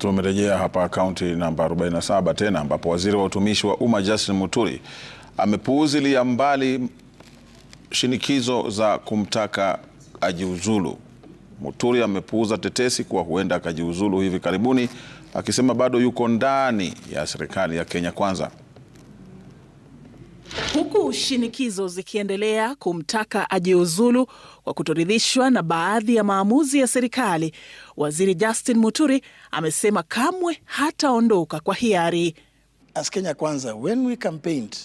Tumerejea hapa kaunti namba 47 tena ambapo waziri wa utumishi wa umma Justin Muturi amepuuzilia mbali shinikizo za kumtaka ajiuzulu. Muturi amepuuza tetesi kuwa huenda akajiuzulu hivi karibuni, akisema bado yuko ndani ya serikali ya Kenya Kwanza. Huku shinikizo zikiendelea kumtaka ajiuzulu kwa kutoridhishwa na baadhi ya maamuzi ya serikali, waziri Justin Muturi amesema kamwe hataondoka kwa hiari. As Kenya Kwanza, when we campaigned,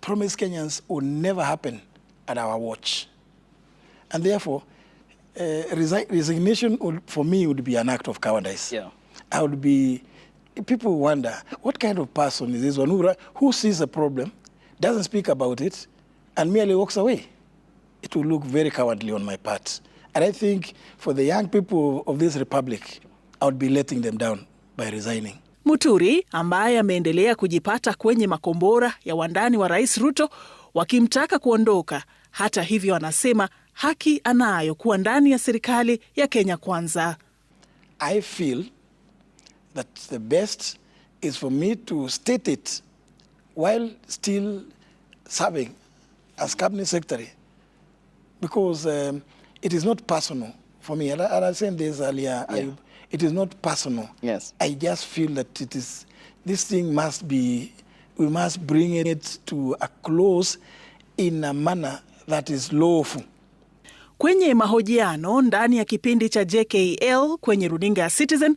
promise Kenyans would never happen at our watch. And therefore, uh, resi resignation would, for me would be an act of cowardice. Yeah. I would be, people wonder, what kind of person is this one who, who sees a problem doesn't speak about it, and merely walks away, it will look very cowardly on my part. And I think for the young people of this republic, I would be letting them down by resigning. Muturi ambaye ameendelea kujipata kwenye makombora ya wandani wa Rais Ruto wakimtaka kuondoka. Hata hivyo, anasema haki anayo kuwa ndani ya serikali ya Kenya Kwanza. I feel that the best is for me to state it while still serving as cabinet secretary because um, it is not personal for me. And I, and I said this earlier, yeah. I, it is not personal. Yes. I just feel that it is, this thing must be, we must bring it to a close in a manner that is lawful. Kwenye mahojiano ndani ya kipindi cha JKL kwenye runinga ya Citizen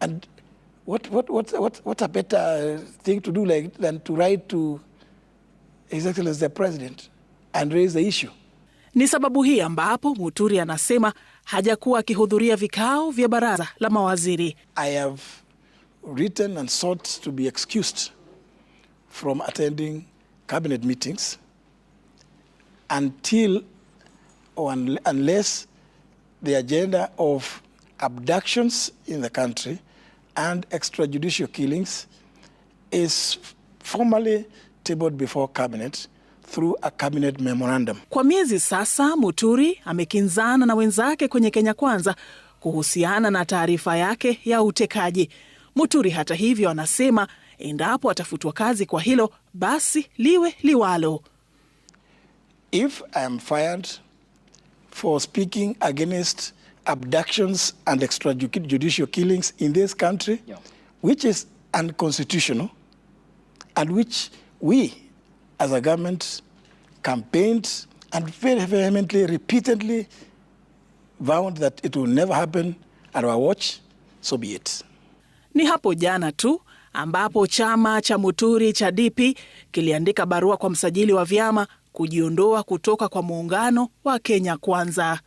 And what, what, what's, what, what's a better uh, thing to do like, than to write to His Excellency the President and raise the issue? Ni sababu hii ambapo Muturi anasema hajakuwa akihudhuria vikao vya baraza la mawaziri. I have written and sought to be excused from attending cabinet meetings until or unless the agenda of abductions in the country and extrajudicial killings is formally tabled before cabinet through a cabinet memorandum. Kwa miezi sasa Muturi amekinzana na wenzake kwenye Kenya Kwanza kuhusiana na taarifa yake ya utekaji. Muturi hata hivyo anasema endapo atafutwa kazi kwa hilo basi liwe liwalo. If I am fired for speaking against abductions and extrajudicial killings in this country yeah. which is unconstitutional and which we as a government campaigned and very vehemently, repeatedly vowed that it will never happen at our watch, so be it. Ni hapo jana tu ambapo chama cha Muturi cha DP kiliandika barua kwa msajili wa vyama kujiondoa kutoka kwa muungano wa Kenya Kwanza.